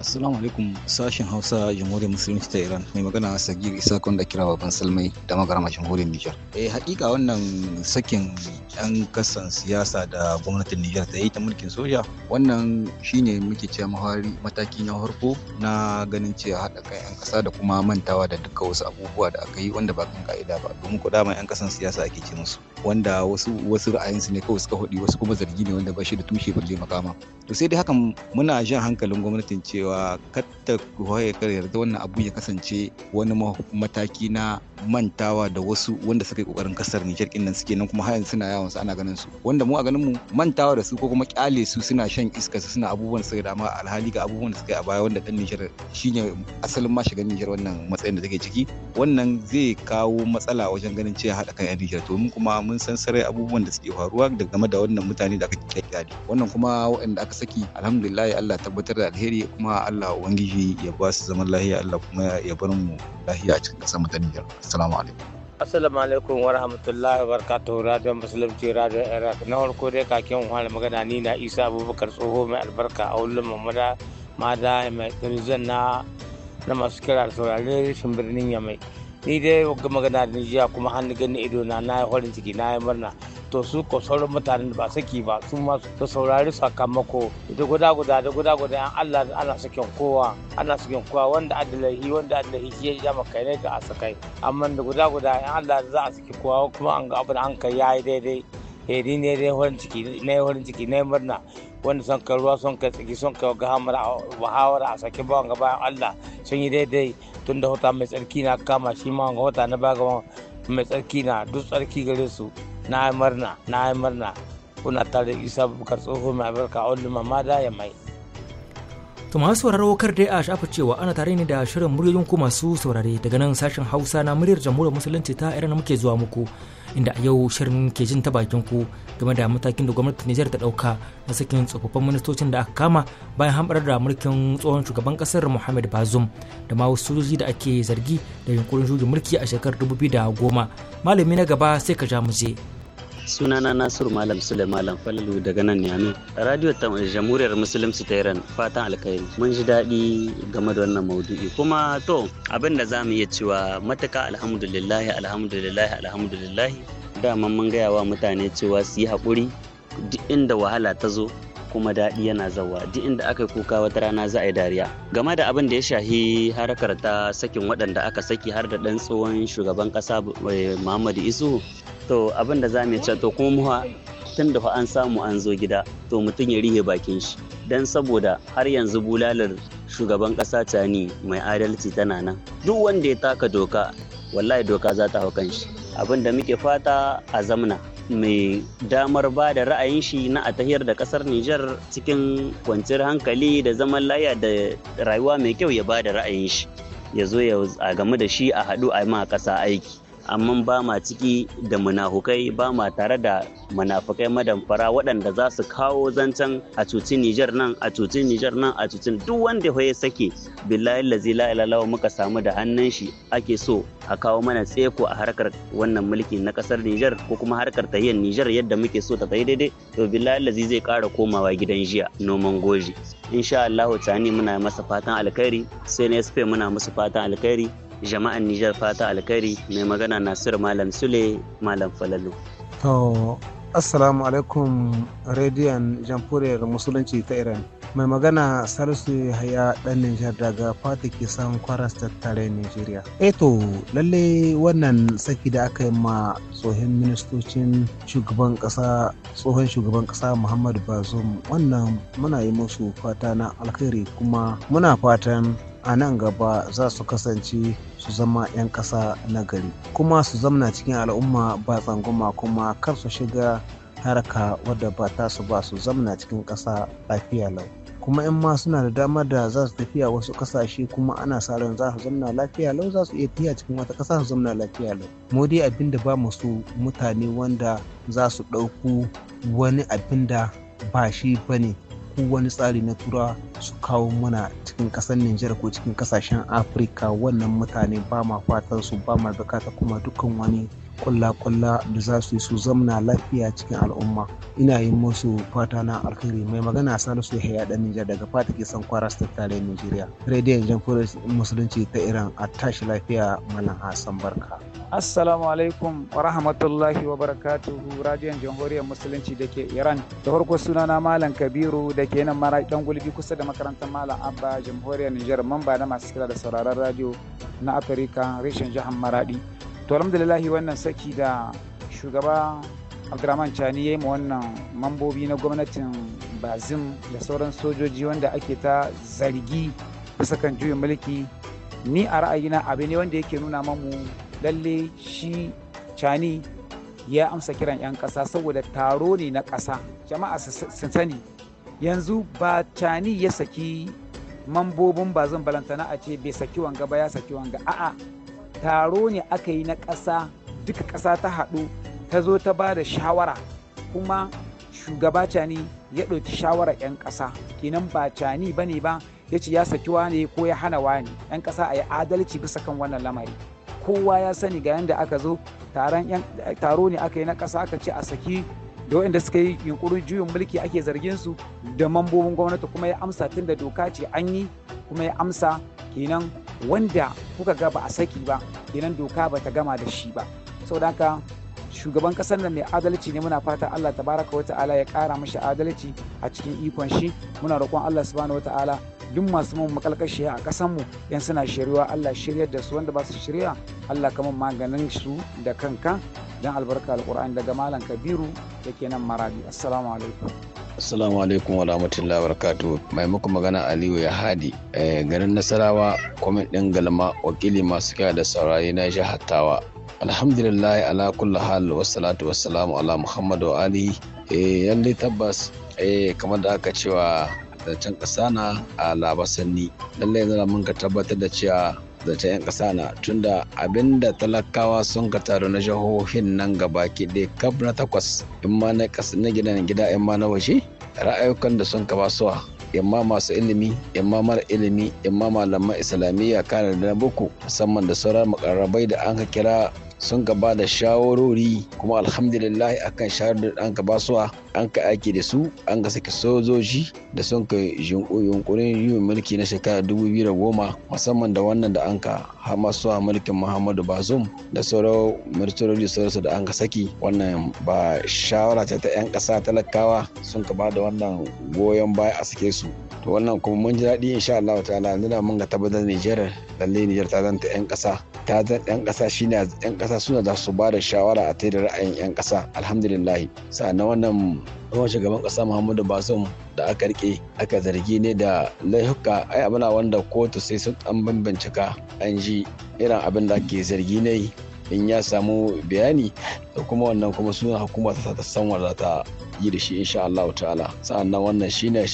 Assalamu alaikum sashen Hausa Jamhuriyar Musulunci ta Iran mai magana Sagir Isa da kira baban Salmai da magarama Jamhuriyar Nijar. Eh hakika wannan sakin yan kasan siyasa da gwamnatin Nijar ta yi ta mulkin soja wannan shine muke cewa mahari mataki na harko na ganin cewa haɗa kai yan kasa da kuma mantawa da duka wasu abubuwa da aka yi wanda ba kan ka'ida ba domin ko dama yan kasan siyasa ake ce musu wanda wasu wasu ra'ayinsu ne kawai suka hudi wasu kuma zargi ne wanda ba shi da tushe balle makama to sai dai hakan muna jan hankalin gwamnatin cewa cewa katta waye kar yarda wannan abu ya kasance wani mataki na mantawa da wasu wanda suka yi kokarin kasar Nijar din nan suke nan kuma har suna yawon su ana ganin su wanda mu a ganin mu mantawa da su ko kuma kyale su suna shan iska su suna abubuwan su da dama alhali ga abubuwan da suka yi a baya wanda dan Nijar shine asalin ma shigan Nijar wannan matsayin da take ciki wannan zai kawo matsala wajen ganin cewa haɗa kan yan Nijar to mun kuma mun san sarai abubuwan da suke faruwa da game da wannan mutane da aka kyale wannan kuma waɗanda aka saki alhamdulillah Allah tabbatar da alheri kuma Allah ubangiji ya ba su zaman lahiya Allah kuma ya bar mu lahiya a cikin ƙasar mu ta Nijar assalamu alaikum Assalamu alaikum wa rahmatullahi wa barakatuh Radio Musulunci Radio Iraq na farko dai kakin wani magana ni na Isa Abubakar tsoho mai albarka a wulin mamada da mai tunzan na na masu kira da saurare rashin birnin Yamai ni dai magana da Nijiya kuma hannu gani ido na na yi farin ciki na yi murna to su ko sauran mutanen da ba saki ba su ma su saurari sakamako da guda guda da guda guda an Allah ana sakin kowa ana sakin kowa wanda adalahi wanda adalahi shi ya jama kai ne da asakai amma da guda guda an Allah za a saki kowa kuma an ga abin an kai yayi daidai eh ni ne dai horin ciki ne horin ciki ne murna wanda son kai ruwa son kai tsaki son kai ga hamar wahawar a saki bawan ga bayan Allah sun yi daidai tun da hota mai tsarki na kama shi ma hota na baga mai tsarki na duk tsarki gare su na yi murna na yi murna kuna tare isa bukar tsoho mai albarka a mama da ya mai to masu sauraro kar dai a shafa cewa ana tare ne da shirin muryoyin ku masu saurare daga nan sashen hausa na muryar jamhuriyar musulunci ta irin muke zuwa muku inda a yau shirin ke jin ta bakin ku game da matakin da gwamnatin Nijar ta dauka na sakin tsofaffin ministocin da aka kama bayan hamɓarar da mulkin tsohon shugaban kasar Muhammad Bazoum da ma wasu sojoji da ake zargi da yunkurin shugaban mulki a shekarar 2010 malami na gaba sai ka ja mu je. sunana nasiru malam sule malam falalu daga nan Radiyo radio jamhuriyar musulunci ta iran fatan alkhairi mun ji daɗi game da wannan maudu'i kuma to abin da za mu iya cewa matuka alhamdulillahi alhamdulillahi alhamdulillahi dama mun gaya wa mutane cewa su yi haƙuri duk inda wahala ta zo kuma daɗi yana zawa duk inda aka yi kuka wata rana za a yi dariya game da abin da ya shahi harkar ta sakin waɗanda aka saki har da ɗan tsohon shugaban ƙasa eh, muhammadu isu to abin da za mu ce to kuma muha tun da an samu an zo gida to mutum ya rihe bakin shi dan saboda har yanzu bulalar shugaban ƙasa tani mai adalci tana nan duk wanda ya taka doka wallahi doka za ta hau kanshi abin da muke fata a zamna mai damar ba da ra'ayin shi na a tahiyar da kasar Nijar cikin kwanciyar hankali da zaman laya da rayuwa mai kyau ya ba da ra'ayin shi ya zo ya game da shi a haɗu a ma ƙasa aiki amma ba ma ciki da munafukai ba ma tare da munafukai madamfara waɗanda za su kawo zancen a cuci Nijar nan a cuci Nijar nan a cuci duk wanda ya sake billahi lazi la muka samu da hannun shi ake so a kawo mana tseko a harkar wannan mulki na kasar Nijar ko kuma harkar tahiyyar Nijar yadda muke so ta tsaye daidai to billahi lazi zai ƙara komawa gidan jiya noman goji insha Allahu tani muna masa fatan alkhairi sai na muna masu fatan alkhairi jama'an Nijar fata alkari mai magana Nasiru Malam Sule Malam Falalu. To Assalamu alaikum rediyon jamhuriyar musulunci ta Iran. Mai magana Salisu haya ɗan Nijar daga fata ke samun kwaras tattare Nijeriya. Eto eh lalle wannan saki da aka yi ma tsohon ministocin shugaban ƙasa tsohon shugaban ƙasa Muhammadu Bazoum wannan muna yi musu fata na alkhairi kuma muna fatan a nan gaba za su kasance su zama 'yan ƙasa na gari kuma su zamna cikin al'umma ba tsangwama kuma kar su shiga harka wadda ba ta su ba su zamna cikin ƙasa lafiya lau kuma in ma suna da damar da za su tafiya wasu kasashe kuma ana sa ran za su zamna lafiya lau za su iya tafiya cikin wata ƙasa su zamna lafiya lau modi abin da ba mu su mutane wanda za su ɗauku wani abin da ba shi ba ne ko wani tsari na tura su kawo mana cikin ƙasar Nijar ko cikin ƙasashen Afirka wannan mutane ba ma fatan su ba ma zakata kuma dukkan wani kulla-kulla da za su yi su zamna lafiya cikin al'umma ina yi musu fata na alkhairi mai magana salisu ya dan nijar daga fata ke san kwara su tare nigeria rediyon jamhuriyar musulunci ta iran a tashi lafiya mana barka assalamu alaikum wa rahmatullahi wa barakatuhu radiyon jamhuriyar musulunci da ke iran da farko sunana malam kabiru da ke nan mara dan gulbi kusa da makarantar malam abba jamhuriyar nijar mamba na masu kira da sauraron radio na afirka reshen jihar maradi to alhamdulillahi wannan saki da shugaba abdurrahman chani ya yi wannan mambobi na gwamnatin bazim da sauran sojoji wanda ake ta zargi bisa kan juyin mulki ni a ra'ayina abu ne wanda yake nuna mamu lalle shi Chani ya amsa kiran 'yan kasa saboda taro ne na kasa jama'a su sani yanzu ba Chani ya saki mambobin bazin balantana a ce bai saki wanga ba ya saki wanga a'a taro ne aka yi na ƙasa duka ƙasa ta haɗu ta zo ta ba da shawara kuma shugaba cani ya ɗauki shawara 'yan ƙasa kenan ba cani ba ne ba ya ce ya saki wane ko ya hana wane 'yan ƙasa a yi adalci bisa kan wannan lamari kowa ya sani ga yadda aka zo taro ne aka yi na ƙasa aka ce a saki da waɗanda suka yi yunkurin juyin mulki ake zargin su da mambobin gwamnati kuma ya amsa tun da doka ce an yi kuma ya amsa kenan wanda kuka ga ba a saki ba idan doka ba ta gama da shi ba saboda haka shugaban kasar nan mai adalci ne muna fata Allah tabaraka wata ala ya kara mashi adalci a cikin ikon shi muna roƙon Allah subhanahu wa ta'ala duk masu mun makalkashi a ƙasar mu yan suna shirya Allah shirya da su wanda ba su shirya Allah kamar maganin su da kanka dan albarka alqur'ani daga malam Kabiru yake nan Marabi assalamu alaikum Assalamu alaikum wa rahmatullahi wa Mai muku magana Aliyu ya hadi eh, garin Nasarawa kwamit ɗin galma wakili masu kira da saurari na jihar Hattawa Alhamdulillah ala kulli hal wa salatu wa salamu ala Muhammadu wa Ali. E, eh, yalle tabbas e, kamar da aka cewa zancen ƙasa na a labasanni lallai zana mun ka tabbatar da cewa zancen 'yan ƙasa na tunda abinda talakawa sun ka taru na jihohin nan gabaki ɗaya kaf na takwas in ma na gidan gida in ma na waje ra'ayukan da sun ka ba in ma masu ilimi in ma mara ilimi in ma malaman islamiyya kana da na boko musamman da sauran makarrabai da an ka kira sun gaba da shawarori kuma alhamdulillah akan shawarar da an ka suwa an ka aiki da su an ga saki sojoji da sun kai yunkurin yin mulki na shekarar 2010 musamman da wannan da an ka hama a mulkin muhammadu bazum da sauran martirori sauransu da an ka saki wannan ba shawara ta ta 'yan ƙasa talakawa sun ka ba da wannan goyon baya a sake su to wannan kuma mun ji daɗi insha Allah ta'ala yanzu da mun ga tabbatar Nijar lalle Nijar ta zanta 'yan kasa ta zanta 'yan ƙasa shine 'yan ƙasa suna za su ba da shawara a tai da ra'ayin 'yan kasa alhamdulillah sa'annan wannan kuma shugaban kasa muhammadu basum da aka rike aka zargi ne da laifuka ai abuna wanda kotu sai sun an bambancika an ji irin abin da ake zargi ne in ya samu bayani da kuma wannan kuma suna hukuma ta ta san wanda ta yi da shi insha Allah ta'ala sa'annan wannan shine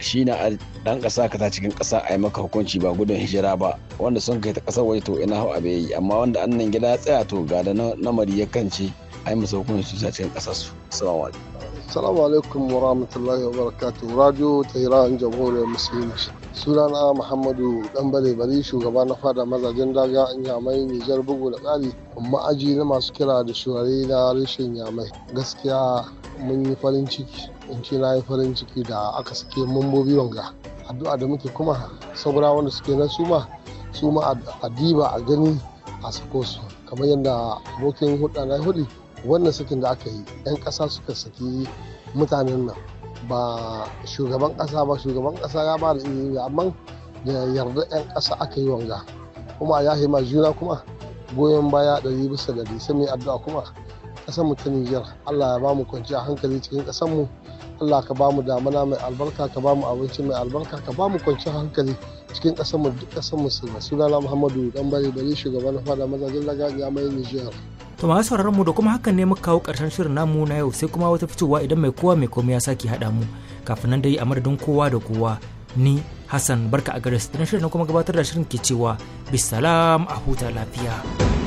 shine dan kasa ka ta cikin kasa ai maka hukunci ba gudun hijira ba wanda sun kai ta kasar waje to ina hau bai yi amma wanda annan gida ya tsaya to ga da namari ya kance a yi musu hukunin a cikin su assalamu alaikum assalamu alaikum wa rahmatullahi wa barakatuh radio tehran jamhuriyar musulunci sunana muhammadu danbale bari shugaba na fada mazajen daga yamai nijar bugu da ƙari ma'aji na masu kira da shurare na rashin yamai gaskiya mun yi farin ciki in ce na yi farin ciki da aka sake mambobi wanga addu'a da muke kuma saura wanda suke na suma suma a diba a gani a sako su kamar yadda abokin hudu na hudu wannan sakin da aka yi 'yan kasa suka saki mutanen nan ba shugaban kasa ba shugaban kasa ya ba da izini amma da yarda 'yan kasa aka yi wanga kuma ya hima juna kuma goyon baya ɗari bisa ɗari sai mai addu'a kuma kasar mu ta Nijar Allah ya bamu kwanciyar hankali cikin ƙasar mu Allah ka bamu damana mai albarka ka bamu abinci mai albarka ka bamu kwanciyar hankali cikin ƙasar mu duk ƙasar Muhammadu dan bari bari shugaban fada mazajin lagajiya mai Nijar to ma sauraron mu da kuma hakan ne muka kawo ƙarshen shirin namu na yau sai kuma wata fitowa idan mai kowa mai komai ya saki hada mu kafin nan dai a madadin kowa da kowa ni Hassan barka a gare su shirin kuma gabatar da shirin ke cewa bisalam a huta lafiya.